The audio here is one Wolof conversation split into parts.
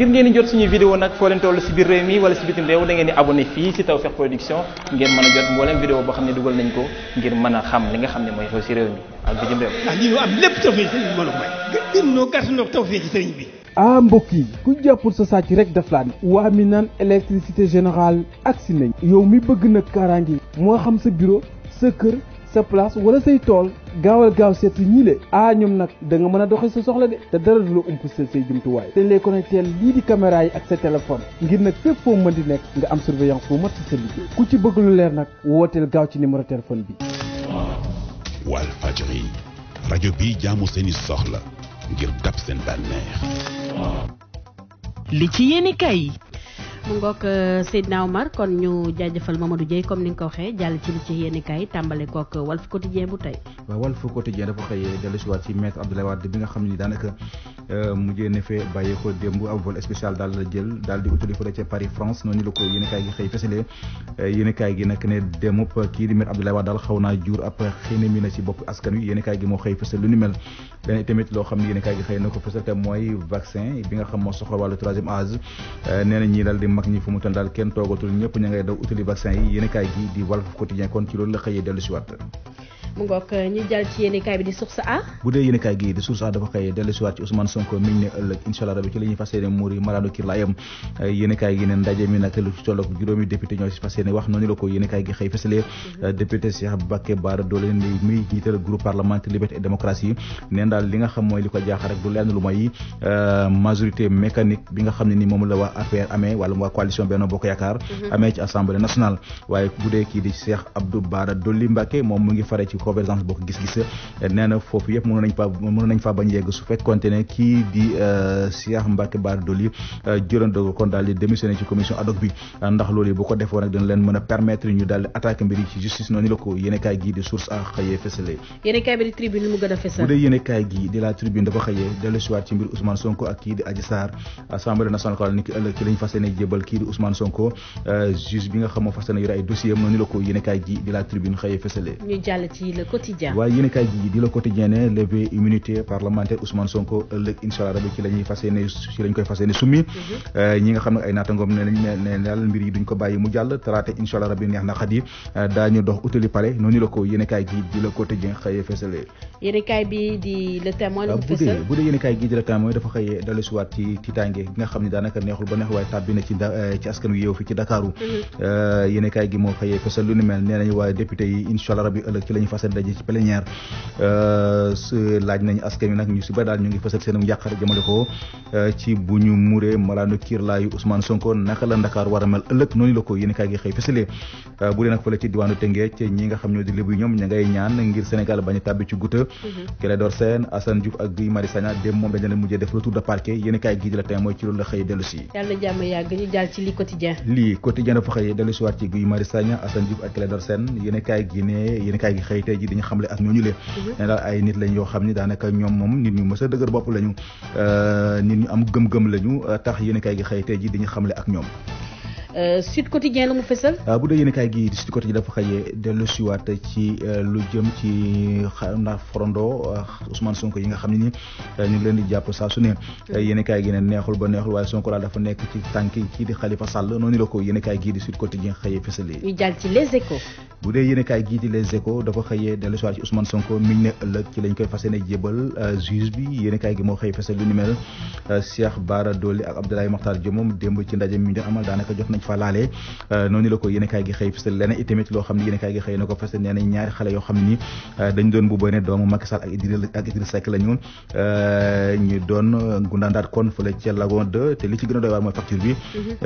ngir ngeen di jot suñuy vidéo nag foo leen toll si biir réew mi wala si bitim réew da ngeen di abonné fii si Tawfekh Production ngeen mën a jot mboolem vidéo boo xam ne dugal nañ ko ngir mën a xam li nga xam ne mooy xew si réew mi ak bitim réew. ndax ah, lii ñu am lépp tawfeeg ci sëriñ bi mbooloo mooy. gën noo gàtt noo tawfeeg ci sëriñ bi. ah mbokk yi ku jàppul sa sàcc rek daf laa ne. waa mi naan électricité générale agsi nañ. yow mi bëgg nag kaaraange moo xam sa biro sa kër sa place wala say tool gaawal gaaw seet si ñii le ah, ñoom nag danga nga mën a doxee sa soxla de te dara du la ump sa say jumtuwaay te ñu lay connecté lii di caméra yi ak sa téléphone ngir nag fépp foo mën di nekk nga am surveillance bu mat si sa liggéey ku ci bëgg lu leer nag wooteel gaaw ci numéro téléphone bi Walfadjri rajo bi jaamu seeni soxla ngir dab seen bànneex mu ngoog euh, Seydina Omar kon ñu jaajëfal du Dieye comme ni nga ko waxee jàll ci li ci yéen kaay tàmbale kook Walf Quotidien bu tey. waaw Walf Quotidien dafa xëy dellusiwaat ci maître Abdoulaye Wade bi nga xam ni daanaka Euh, mujjee ne fee bàyyi ko démb ab vol spécial daal la jël daal di utali fële ca Paris France noonu la ko yéen gi xëy fësale euh, yéen gi nag ne demub kii naa jur ab xëy mi na ci bopp askan wi yéen kaay gi moo xëy fësal lu ni mel leneen tamit loo xam ne yéen kaay gi xëy na ko fësal te mooy vaccin bi nga xam moo soxla wàllu troisième âge euh, nee na daal di mag ñi fu mu toll daal kenn toogatul ñëpp ña ngay daw utali vaccin yi yéen kaay gi di Walf Quotidien kon ci loolu la xëyee dellu si waat mu euh, a euh, mhm. euh, daal li nga xam mooy li ko jaaxal rek du lenn lu mooy majorité mécanique bi nga xam ne ni moom la waa APR amee wala waa coalition Benno Bokk Yaakaar mhm. amee ci assemblée nationale waaye bu dee kii di Cheikh Abdou Bara Dolly Mbacké moom mu ngi fare ci convergence bokk gis-gis nee foofu yëpp mënoon nañ fa bañ yegg su fekkonte ne kii di euh, Cheikh Mbacké Bara Dolly euh, jëloon dogal kon daal di démissionné commission ad bi ndax loolu yi bu ko defoon nag dina leen mën a permettre ñu daal di mbir yi ci justice noonu la ko yéenekaay gii di la tribune dafa xëyee dellu si ci mbir Ousmane Sonko ak kii di Adji Sarr assemblée nationale ko ki lañ fas yéene jébal kii di Ousmane Sonko euh, juge bi nga xam moo fas yéene le quotidien waaye yéen kaay ji di le quotidien ne immunité parlementaire Ousmane Sonko ëllëg incha allah ci la ñuy fas summi mhm. eh, ñi nga xam ne ay naatangoom ne nañ ne ne mbir yi duñ ko bàyyi mu jàll traité incha allah rabi neex na xat yi eh, dox utali pare noonu la ko yéen kaay di le quotidien xëye feesale yéenekaay bi di le témoin la mu fësal bu dee yéenekaay gi di le témoin dafa ci tiitaange gi nga xam ne daanaka neexul ba na ci eh, ci askan wi yow mm-hmm. eh, gi moo xëyee fësal lu ni mel nee nañu waaye député yi inchallah rabbi ëllëg ci la ñu fas yéene daje eh, ñu si ba daal ñu ngi fësal seen njàqare jëmale ko ci bu ñu muree la Ndakaar war a mel ëllëg la ko yéenekaay gi xëy fësalee ñi nga xam ñoo di lébu ñoom ña ngay ñaan ngir Sénégal bañ a tàbbi ci guta Clédor mhm. Sène Assane Diouf ak Guy Marius dem moom dañu leen mujjee def retour de parquet yéen kaay gii di la tey mooy ci loolu la xëy dellu si yàlla jàmm yàgg ñu jàll ci li quotidien lii quotidien dafa xëy dellu si waat ci Guy Marius Sagna Assane ak Clédor Sène yéen gi ne yéen kaay gi xëy tey ji dañu xamle ak ñooñu lee mhm. ne daal ay nit lañ yoo xam ne daanaka ñoom moom nit ñu mës a dëgër bopp lañu euh, nit ñu am gëm-gëm lañu tax yéen gi xëy tey ji dañu xamle ak ñoom Euh, Sud Quotidien la mu fësal. Ah, bu dee yéen kaay gi Sud Quotidien dafa xëyee dellu siwaat ci euh, lu jëm ci euh, xanaa Forondo Ousmane Sonko yi nga xam ne ni ñu ngi leen di jàpp saa su gi ne ba neexul waaye Sonko daal dafa nekk ci tànk kii di Khalifa Sall noonu la ko yéen kaay gii dafa xëyee dellu siwaat ci Ousmane Sonko miñ ne ëllëg ci lañ koy fas yéene jébal juge bi yéen gi moo xëy fësal lu ni mel Cheikh Bara Dolly ak Abdoulaye Makhtar Diop moom démb ci ndaje mi ñu amal daanaka jox nañ nañ fa laalee euh, noonu la ko yéen gi ne kaay gi xëy na ko fësal nee nañ ñaari xale yoo xam ne ni euh, dañ doon bu boy ne doomu Macky Sall ak Idrissa ak Idrissa la euh, ñu ñu te li ci gën a doy waar mooy facture bi mhm.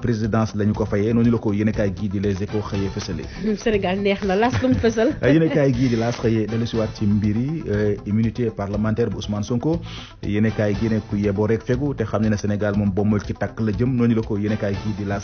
présidence ko fayee noonu la ko yéen kaay gii di les échos xëyee fësale Sénégal neex na laas lu mu fësal yéen kaay gii di laas xëyee dalu si waat ci mbir yi immunité parlementaire bu Ousmane Sonko yéen kaay gii ne ku yeboo rek fegu te xam ne ne Sénégal moom boo moy ci takk la jëm noonu la ko yéen kaay gii di laas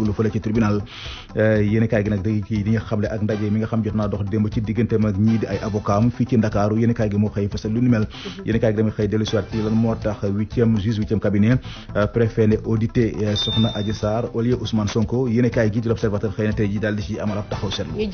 teewlu fële ci tribunal euh, yéen gi nag xam ne ak ndaje mi nga xam jot naa dox démb ci digganteem ak ñii ay avocat fii ci Ndakaaru yéen gi moo xëy fësal lu ni mel mhm. yéen gi damay xëy dellu euh, ne euh, tey ji daal ci amal ab taxaw seetlu ñu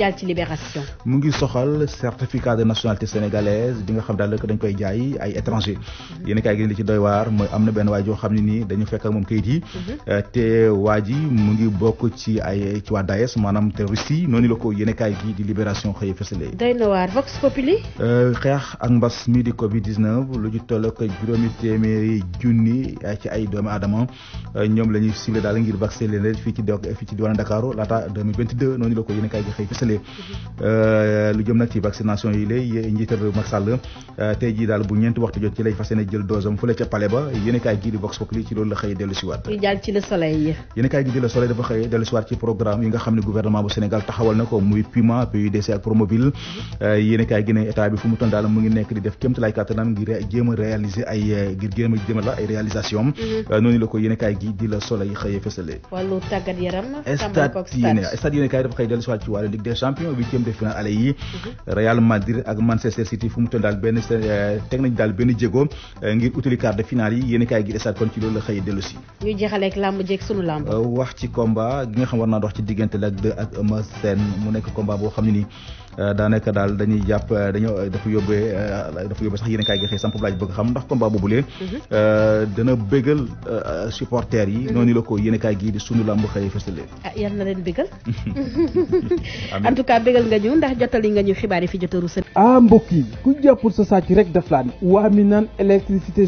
mu ngi soxal certificat de nationalité sénégalaise bi nga xam daal dañ koy jaay ay étranger mhm. yéen gi li ci doy waar mooy am na benn waay xam ne nii dañu fekk moom kayit yi mhm. te waa ji mu ngi bokk ci ay ci waa maanaam terroriste noonu la ko yéenekaay gi di Libération xëy fësale. doy na waar Vox Populi. Euh, xeex ak mbas mi di Covid lu ci toll ak juróomi téeméeri junni euh, ci ay doomi aadama euh, ñoom la ñuy ciblé daal ngir vacciner leen fii ci fii ci diwaanu Dakar laata 2022 noonu la ko yéenekaay gi xëy fësale. lu jëm nag ci vaccination yi lay njiital Macky Sall tey jii daal bu ñeenti waxtu jot ci lay fas yéene jël dose am fële ca ba yéenekaay gi la xëy dellu si waat. ñu jàll ci le soleil. yéenekaay gi di le soleil dafa xëyee dellusiwaat ci programme yi nga xam ne gouvernement bu Sénégal taxawal na ko muy PUMA PUDC ak Promoville euh, yéen i kaay gi ne état a euh, a mm-hmm. euh, i ci wàllu Ligue des yi mm-hmm. Real Madrid ak làmb jeeg sunu làmb wax ci combat combat gi nga xam war naa dox ci diggante Lac 2 ak Eumeu Sène mu nekk combat boo xam ne nii euh, daanaka daal dañuy jàpp euh, dañoo euh, dafa yóbbee dafa yóbbee sax yéen kaay gi xëy samp laaj bëgg xam ndax combat boobu lee mhm. dana bégal supporters yi mhm. noonu la ko yéen kaay gii di sunu làmb xëy fësale ah yal na leen bégal en tout cas bégal nga ñu ndax jottali nga xibaar yi fi jot a ah mbokk yi ku jàppul sa sàcc rek daf laan waa mi naan électricité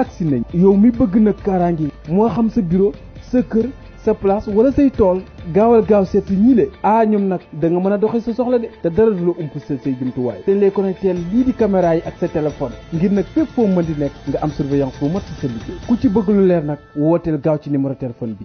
ak si nañ yow mi bëgg nag kaaraange moo xam sa bureau sa kër sa place wala say tool gaawal gaaw seet si ñii ah ñoom nag da nga mën a doxee sa soxla de te dara du la ump sa say jumtuwaay dañ lay connecté lii di caméra yi ak sa téléphone ngir nag fépp foo mën di nekk nga am surveillance bu mat si sa liggéey ku ci bëgg leer nag wooteel gaaw ci numéro téléphone bi